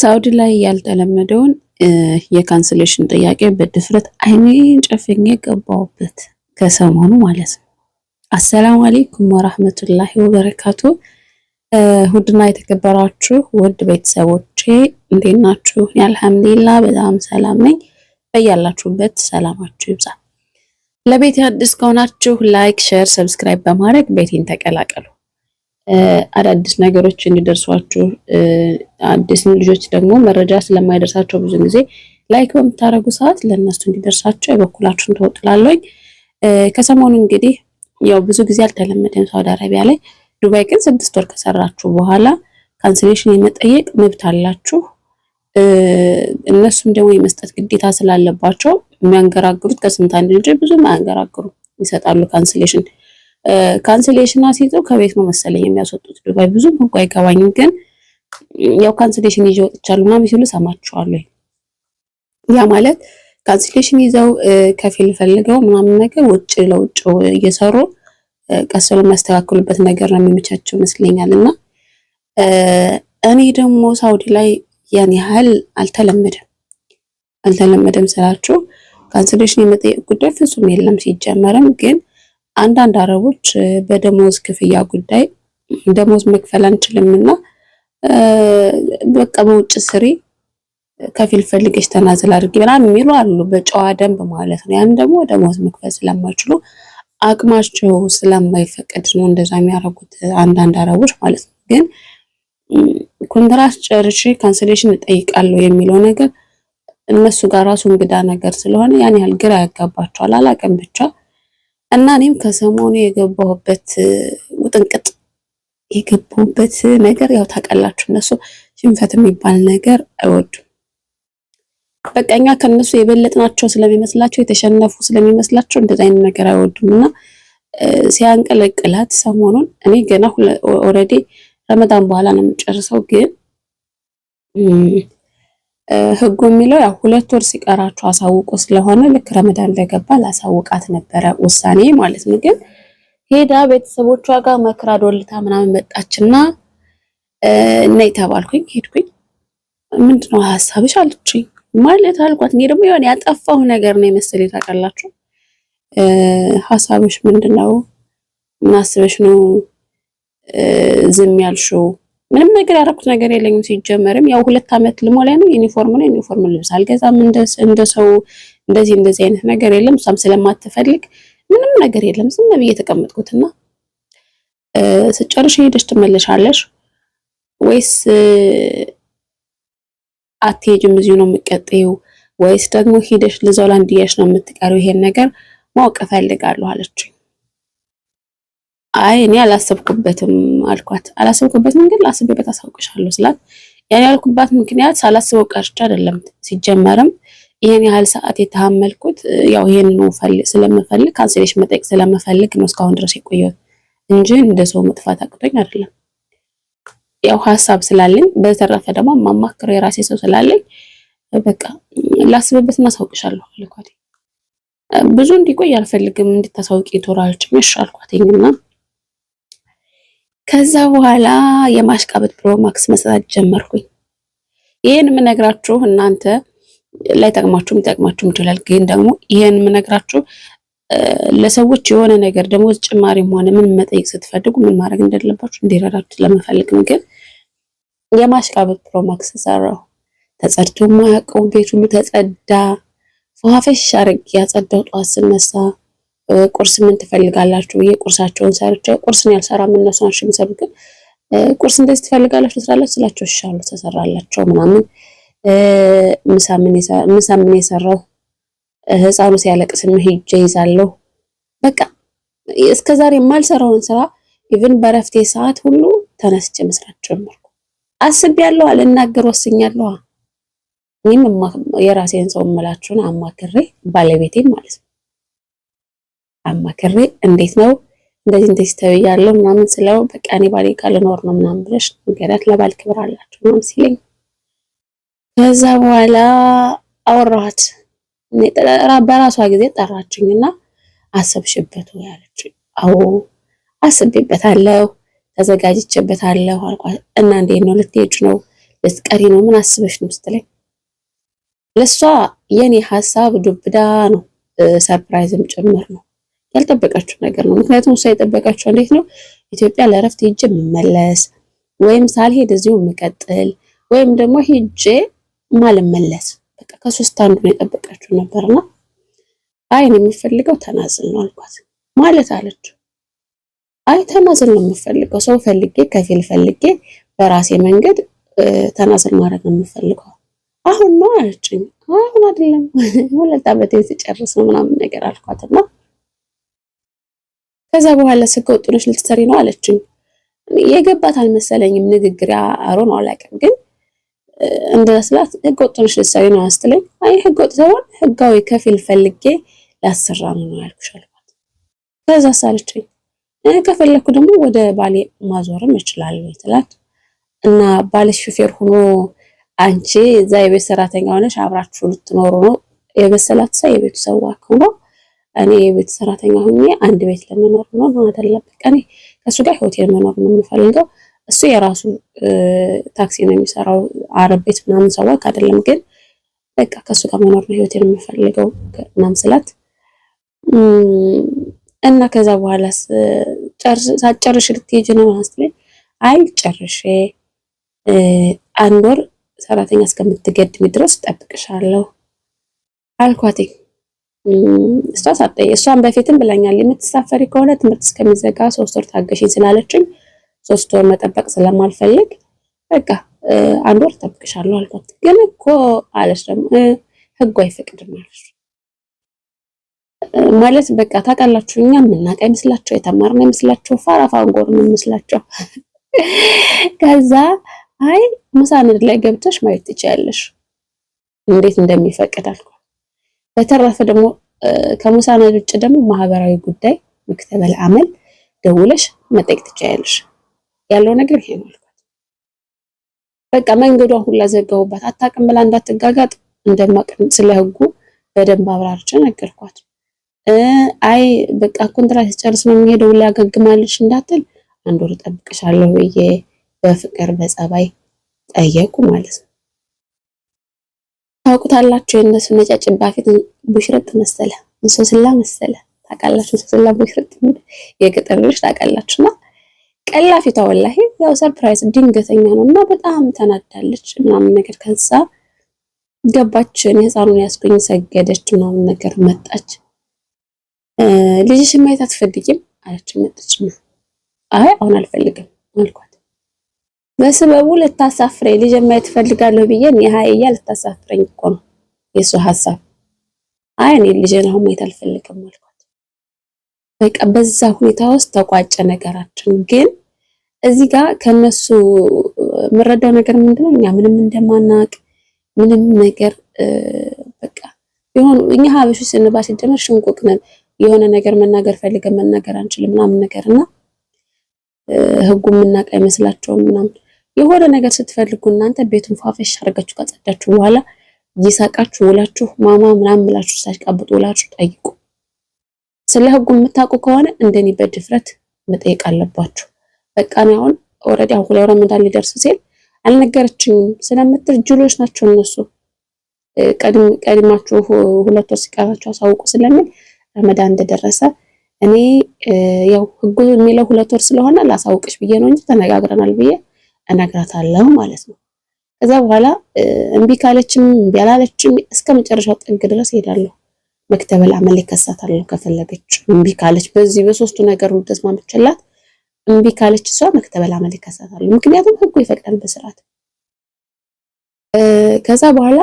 ሳውዲ ላይ ያልተለመደውን የካንስሌሽን ጥያቄ በድፍረት አይኔን ጨፍኜ ገባሁበት። ከሰሞኑ ማለት ነው። አሰላሙ አሌይኩም ወራህመቱላሂ ወበረካቱ። ውድና የተከበራችሁ ውድ ቤተሰቦቼ እንዴት ናችሁ? አልሐምዱሊላ በጣም ሰላም ነኝ። በያላችሁበት ሰላማችሁ ይብዛ። ለቤት አዲስ ከሆናችሁ ላይክ፣ ሼር፣ ሰብስክራይብ በማድረግ ቤቴን ተቀላቀሉ። አዳዲስ ነገሮች እንዲደርሷችሁ አዲስ ልጆች ደግሞ መረጃ ስለማይደርሳቸው ብዙ ጊዜ ላይክ በምታደርጉ ሰዓት ለእነሱ እንዲደርሳቸው የበኩላችሁን ተወጥላለኝ። ከሰሞኑ እንግዲህ ያው ብዙ ጊዜ አልተለመደም ሳውዲ አረቢያ ላይ። ዱባይ ግን ስድስት ወር ከሰራችሁ በኋላ ካንስሌሽን የመጠየቅ መብት አላችሁ። እነሱም ደግሞ የመስጠት ግዴታ ስላለባቸው የሚያንገራግሩት ከስንት አንድ እንጂ ብዙም አያንገራግሩም፣ ይሰጣሉ ካንስሌሽን ካንስሌሽን አስይዘው ከቤት ነው መሰለኝ የሚያስወጡት ዱባይ። ብዙ እንኳ አይገባኝም፣ ግን ያው ካንስሌሽን ይዤ ወጥቻለሁ ምናምን ሲሉ ሰማችኋለሁ። ያ ማለት ካንስሌሽን ይዘው ከፊል ፈልገው ምናምን ነገር ውጭ ለውጭ እየሰሩ ቀስ ብሎ የሚያስተካክሉበት ነገር ነው የሚመቻቸው ይመስለኛል። እና እኔ ደግሞ ሳውዲ ላይ ያን ያህል አልተለመደም አልተለመደም ስላችሁ ካንስሌሽን የመጠየቅ ጉዳይ ፍጹም የለም ሲጀመርም ግን አንዳንድ አረቦች በደሞዝ ክፍያ ጉዳይ ደሞዝ መክፈል አንችልም እና በቃ በውጭ ስሪ ከፊል ፈልገሽ ተናዘል አድርጊ ምናምን የሚሉ አሉ። በጨዋ ደንብ ማለት ነው። ያን ደግሞ ደሞዝ መክፈል ስለማይችሉ አቅማቸው ስለማይፈቅድ ነው እንደዛ የሚያደርጉት አንዳንድ አረቦች ማለት ነው። ግን ኮንትራት ጨርሼ ካንስሌሽን እጠይቃለሁ የሚለው ነገር እነሱ ጋር ራሱ እንግዳ ነገር ስለሆነ ያን ያህል ግራ ያጋባቸዋል። አላቅም ብቻ እና እኔም ከሰሞኑ የገባሁበት ውጥንቅጥ የገባሁበት ነገር ያው ታውቃላችሁ፣ እነሱ ሽንፈት የሚባል ነገር አይወዱም። በቃ እኛ የበለጥናቸው ስለሚመስላቸው የተሸነፉ ስለሚመስላቸው እንደዚ አይነት ነገር አይወዱም እና ሲያንቀለቅላት ሰሞኑን እኔ ገና ኦልሬዲ ረመዳን በኋላ ነው የምጨርሰው ግን ህጉ የሚለው ያው ሁለት ወር ሲቀራችሁ አሳውቁ ስለሆነ ልክ ረመዳን እንደገባ ላሳውቃት ነበረ ውሳኔ ማለት ነው። ግን ሄዳ ቤተሰቦቿ ጋር መክራ ዶልታ ምናምን መጣችና ነይ የተባልኩኝ ሄድኩኝ። ምንድነው ሀሳብሽ አለችኝ ማለት አልኳት። እኔ ደግሞ የሆነ ያጠፋሁ ነገር ነው የመሰለኝ ታውቃላችሁ። ሀሳብሽ ምንድነው? ምን አስበሽ ነው ዝም ያልሽው ምንም ነገር ያደረኩት ነገር የለኝም። ሲጀመርም ያው ሁለት ዓመት ልሞላ ነው። ዩኒፎርም ነው ዩኒፎርም ልብስ አልገዛም። እንደ ሰው እንደዚህ እንደዚህ አይነት ነገር የለም። እሷም ስለማትፈልግ ምንም ነገር የለም። ዝም ብዬ የተቀመጥኩትና ስጨርሽ ሄደሽ ትመለሻለሽ ወይስ አትሄጂም? እዚሁ ነው የምትቀጥይው ወይስ ደግሞ ሄደሽ ልዛው ላንድያሽ ነው የምትቀሪው? ይሄን ነገር ማወቅ እፈልጋለሁ አለችኝ። አይ እኔ አላሰብኩበትም አልኳት። አላሰብኩበትም ግን አስቤበት አሳውቅሻለሁ ስላት ያን ያልኩባት ምክንያት ሳላስበው ቀርቻ አይደለም። ሲጀመርም ይሄን ያህል ሰዓት የተሐመልኩት ያው ይህን ስለምፈልግ ካንስሌሽን መጠየቅ ስለምፈልግ ነው እስካሁን ድረስ የቆየሁት እንጂ እንደ ሰው መጥፋት አቅቶኝ አይደለም። ያው ሀሳብ ስላለኝ በተረፈ ደግሞ ማማክረው የራሴ ሰው ስላለኝ በቃ ላስብበት እናሳውቅሻለሁ አልኳት። ብዙ እንዲቆይ አልፈልግም እንድታሳውቂ ቶራልችም ይሻልኳትኝና ከዛ በኋላ የማሽቃበጥ ፕሮማክስ መስራት ጀመርኩኝ። ይህን የምነግራችሁ እናንተ ላይ ጠቅማችሁ ሊጠቅማችሁም ይችላል። ግን ደግሞ ይህን የምነግራችሁ ለሰዎች የሆነ ነገር ደግሞ ጭማሪም ሆነ ምን መጠየቅ ስትፈልጉ ምን ማድረግ እንደሌለባችሁ እንዲረዳችሁ ለመፈልግ ነው። ግን የማሽቃበጥ ፕሮማክስ ሰራው። ተጸድቶ ማያውቀው ቤቱ ተጸዳ። ፏፈሽ አድርጌ ያጸዳው ጠዋት ስነሳ ቁርስ ምን ትፈልጋላችሁ ብዬ ቁርሳቸውን ሰርቼ ቁርስን ያልሰራም እነሱ ናቸው የሚሰሩ ግን ቁርስ እንደዚህ ትፈልጋላችሁ ስላላችሁ ስላቸው ይሻሉ ተሰራላቸው ምናምን ምሳ ምን የሰራው ህፃኑ ሲያለቅስም ሄጄ ይዛለሁ። በቃ እስከ ዛሬ የማልሰራውን ስራ ኢቭን በረፍቴ ሰዓት ሁሉ ተነስቼ መስራት ጀመርኩ። አስቤያለሁ፣ አልናገር ወስኛለሁ። እኔም የራሴን ሰው እምላችሁን አማክሬ ባለቤቴን ማለት ነው አማክሬ እንዴት ነው እንደዚህ እንደዚህ ተብያለሁ ምናምን ስለው በቃ እኔ ባሌ ካልኖር ነው ምናምን ብለሽ ንገሪያት፣ ለባል ክብር አላቸው ምናምን ሲለኝ ከዛ በኋላ አወራኋት። በራሷ ጊዜ ጠራችኝና አሰብሽበት ወይ አለችኝ። አዎ አስቤበታለሁ፣ ተዘጋጅቼበታለሁ አልኳት። እና እንዴት ነው ልትሄጂ ነው ልትቀሪ ነው ምን አስበሽ ነው ስትለኝ ለእሷ የኔ ሀሳብ ዱብዳ ነው ሰርፕራይዝም ጭምር ነው ያልጠበቃችሁ ነገር ነው። ምክንያቱም እሷ የጠበቃችሁ እንዴት ነው ኢትዮጵያ ለእረፍት ሄጄ የምመለስ ወይም ሳልሄድ እዚሁ የምቀጥል ወይም ደግሞ ሄጄ ማልመለስ በቃ ከሶስት አንዱ ነው የጠበቃችሁ ነበርና አይ ነው የሚፈልገው ተናዝል ነው አልኳት ማለት አለች። አይ ተናዝል ነው የምፈልገው ሰው ፈልጌ ከፊል ፈልጌ በራሴ መንገድ ተናዝል ማድረግ ነው የምፈልገው አሁን ነው አለችኝ። አሁን አይደለም ሁለት ዓመቴን ሲጨርስ ነው ምናምን ነገር አልኳትና ከዛ በኋላ ስገ ወጥ ልትሰሪ ነው አለችኝ። የገባት አልመሰለኝም ንግግር አሮ ነው አላውቅም፣ ግን እንደዛ ስላት ህገ ወጥ ልትሰሪ ነው ስትለኝ፣ አይ ህገ ወጥ ሳይሆን ህጋዊ ከፊል ፈልጌ ላሰራ ነው ያልኩሽ አልኳት። ከዛ ሳለችኝ ከፈለኩ ደግሞ ወደ ባሌ ማዞርም እችላለሁ ትላት እና ባልሽ ሹፌር ሆኖ አንቺ እዛ የቤት ሰራተኛ ሆነሽ አብራችሁ ልትኖሩ ነው የመሰላት ሰው የቤቱ ሰው ሆኖ እኔ የቤት ሰራተኛ ሆኜ አንድ ቤት ለመኖር ነው ማለት አለበት። ቀኔ ከእሱ ጋር ሆቴል መኖር ነው የምፈልገው። እሱ የራሱ ታክሲ ነው የሚሰራው። አረብ ቤት ምናምን ሰዋክ አይደለም፣ ግን በቃ ከእሱ ጋር መኖር ነው ህይወቴን የምፈልገው ምናምን ስላት እና ከዛ በኋላ ሳጨርሽ ልትሄጂ ነው ስትለኝ አይ ጨርሼ አንድ ወር ሰራተኛ እስከምትገድሚ ድረስ ጠብቅሻለሁ አልኳትኝ። እሷ ሳጠይ እሷን በፊትም ብላኛል የምትሳፈሪ ከሆነ ትምህርት እስከሚዘጋ ሶስት ወር ታገሽኝ ስላለችኝ ሶስት ወር መጠበቅ ስለማልፈልግ በቃ አንድ ወር እጠብቅሻለሁ አልኳት። ግን እኮ አለች ደግሞ ህጉ አይፈቅድም አለች። ማለት በቃ ታውቃላችሁ፣ እኛ የምናውቅ አይመስላቸው፣ የተማርን አይመስላቸው፣ ፋራፋንጎር የምንመስላቸው። ከዛ አይ ሙሳንድ ላይ ገብተሽ ማየት ትችያለሽ እንዴት እንደሚፈቅድ አልኳት። በተረፈ ደግሞ ከሙሳናድ ውጭ ደግሞ ማህበራዊ ጉዳይ መክተበል አመል ደውለሽ መጠየቅ ትችያለሽ። ያለው ነገር ይሄ ነው አልኳት። በቃ መንገዷ ሁላ ዘጋሁባት። አታውቅም ብላ እንዳትጋጋጥ እንደማቅ ስለ ህጉ በደንብ አብራርቼ ነገርኳት። አይ በቃ ኮንትራት ሲጨርስ ነው የሚሄደው ሊያገግማልሽ እንዳትል አንድ ወር ጠብቅሻለሁ ብዬ በፍቅር በጸባይ ጠየቁ ማለት ነው። ታውቁታላችሁ። የእነሱ ነጫጭ ባፊት ቡሽርጥ መሰለ እንሶስላ መሰለ ታውቃላችሁ። እንሶስላ ቡሽርጥ የገጠር ልጅ ታውቃላችሁና ቀላፊቷ ወላሂ ያው ሰርፕራይዝ ድንገተኛ ነው እና በጣም ተናዳለች ምናምን ነገር። ከዛ ገባችን የህፃኑን ያስኩኝ ሰገደች ምናምን ነገር መጣች። ልጅሽ ማየት አትፈልጊም አለች። መጣች። አይ አሁን አልፈልግም አልኳት። በስበቡ ልታሳፍረኝ ልጅ ማየት እፈልጋለሁ ብዬ እኔ ሀያ ልታሳፍረኝ እኮ ነው የእሱ ሀሳብ። አይ እኔ ልጄን አሁን ማየት አልፈልግም አልኳት። በቃ በዛ ሁኔታ ውስጥ ተቋጨ ነገራችን። ግን እዚህ ጋር ከነሱ የምረዳው ነገር ምንድነው እኛ ምንም እንደማናቅ ምንም ነገር በቃ የሆኑ እኛ ሀበሾች ስንባል ሲጀመር ሽንቁቅ ነን። የሆነ ነገር መናገር ፈልገን መናገር አንችልም ምናምን ነገር እና ህጉም ምናውቅ አይመስላቸውም ምናምን የሆነ ነገር ስትፈልጉ እናንተ ቤቱን ፏፈሽ አድርጋችሁ ካጸዳችሁ በኋላ እየሳቃችሁ ውላችሁ ማማ ምናምን ብላችሁ ሳሽቃብጡ ውላችሁ ጠይቁ። ስለ ህጉ የምታውቁ ከሆነ እንደኔ በድፍረት መጠየቅ አለባችሁ። በቃ ነው አሁን ኦልሬዲ አሁን ላይ ረመዳን ሊደርስ ሲል አልነገረችኝም ስለምትል ጅሎች ናቸው እነሱ። ቀድማችሁ ሁለት ወር ሲቀራችሁ አሳውቁ ስለሚል ረመዳን እንደደረሰ እኔ ያው ህጉ የሚለው ሁለት ወር ስለሆነ ላሳውቅሽ ብዬ ነው እንጂ ተነጋግረናል ብዬ እነግራታለሁ ማለት ነው። ከዛ በኋላ እምቢ ካለችም እምቢ አላለችም እስከ መጨረሻው ጥግ ድረስ ሄዳለሁ። መክተበል አመል ይከሳታለሁ ከፈለገች እምቢ ካለች፣ በዚህ በሶስቱ ነገር ነው ተስማምቼላት እምቢ ካለች እሷ መክተበል አመል ይከሳታለሁ። ምክንያቱም ህጉ ይፈቅዳል በስርዓት ከዛ በኋላ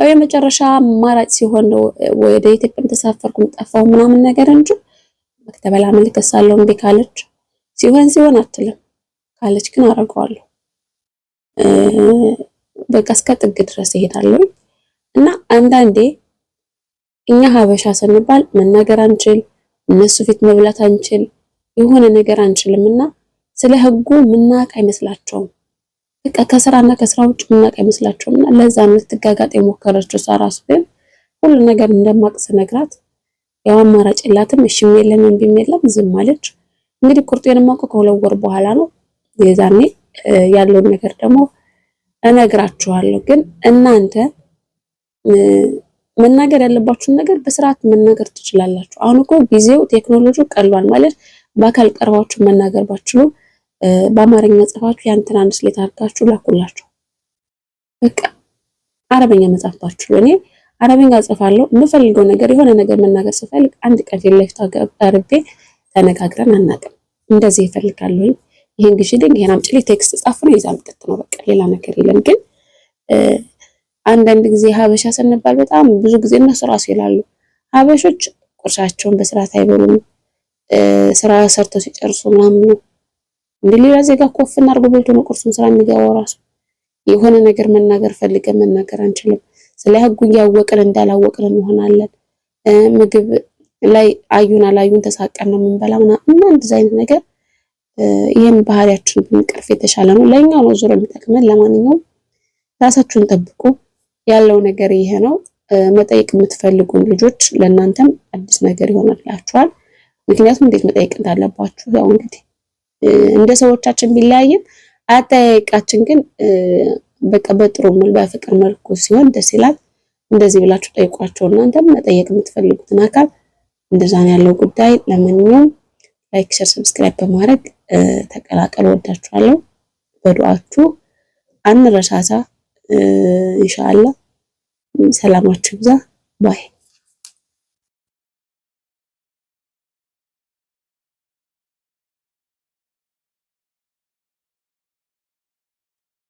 ያው የመጨረሻ አማራጭ ሲሆን ነው ወደ ኢትዮጵያም ተሳፈርኩም ጠፋው ምናምን ነገር እንጂ መክተበል አመል እከሳለሁ እምቢ ካለች። ሲሆን ሲሆን አትልም ካለች ግን አደርገዋለሁ። በቃ እስከ ጥግ ድረስ ይሄዳለሁ እና አንዳንዴ እኛ ሀበሻ ስንባል መናገር አንችል፣ እነሱ ፊት መብላት አንችል፣ የሆነ ነገር አንችልም እና ስለ ህጉ ምናቅ አይመስላቸውም። በቃ ከስራና ከስራ ውጭ ምናቅ አይመስላቸውም እና ለዛ ነው ትጋጋጥ የሞከረችው ራሱ ግን ሁሉ ነገር እንደማቅ ስነግራት ያው አማራጭ የላትም። እሺም የለም እምቢም የለም ዝም አለች። እንግዲህ ቁርጤን ማውቀው ከሁለት ወር በኋላ ነው የዛኔ ያለውን ነገር ደግሞ እነግራችኋለሁ። ግን እናንተ መናገር ያለባችሁን ነገር በስርዓት መናገር ትችላላችሁ። አሁን እኮ ጊዜው ቴክኖሎጂ ቀሏል ማለት በአካል ቀርባችሁ መናገር ባችሉ በአማርኛ ጽፋችሁ ያንተን አንድ ስሌት አድርጋችሁ ላኩላችሁ። በቃ አረበኛ መጻፍ ባችሉ እኔ አረበኛ ጽፋለሁ። የምፈልገው ነገር የሆነ ነገር መናገር ስፈልግ አንድ ቀን ፊት ለፊት አርቤ ተነጋግረን አናውቅም። እንደዚህ ይፈልጋለሁ። ይሄን ግዢልኝ፣ ይሄን አምጪልኝ፣ ቴክስት ጻፍ ነው ይዛ ምጥጥ ነው በቃ ሌላ ነገር የለም። ግን አንዳንድ ጊዜ ሀበሻ ስንባል በጣም ብዙ ጊዜ እነሱ ራሱ ይላሉ ሀበሾች ቁርሳቸውን በስርዓት አይበሉም፣ ስራ ሰርተው ሲጨርሱ ምናምን ነው እንደ ሌላ ዜጋ ኮፍና አድርጎ በልቶ ነው ቁርሱን ስራ የሚገባው። ራሱ የሆነ ነገር መናገር ፈልገን መናገር አንችልም። ስለ ህጉ እያወቅን እንዳላወቅን እንሆናለን። ምግብ ላይ አዩን አላዩን ተሳቀን ነው የምንበላ እና እንደዚህ አይነት ነገር ይህም ባህሪያችን ብንቀርፍ የተሻለ ነው። ለእኛው ነው ዞሮ የሚጠቅመን። ለማንኛውም ራሳችሁን ጠብቁ። ያለው ነገር ይሄ ነው። መጠየቅ የምትፈልጉን ልጆች ለእናንተም አዲስ ነገር ይሆንላችኋል። ምክንያቱም እንዴት መጠየቅ እንዳለባችሁ ያው እንግዲህ እንደ ሰዎቻችን ቢለያይም አጠያየቃችን ግን በቃ በጥሩ መልኩ በፍቅር መልኩ ሲሆን ደስ ይላል። እንደዚህ ብላችሁ ጠይቋቸው። እናንተም መጠየቅ የምትፈልጉትን አካል እንደዛ ነው ያለው ጉዳይ ለማንኛውም ላይክ፣ ሸር፣ ሰብስክራይብ በማድረግ ተቀላቀሉ። ወዳችኋለሁ። በዱዓችሁ አንረሳሳ። ኢንሻአላህ ሰላማችሁ ብዛ ባይ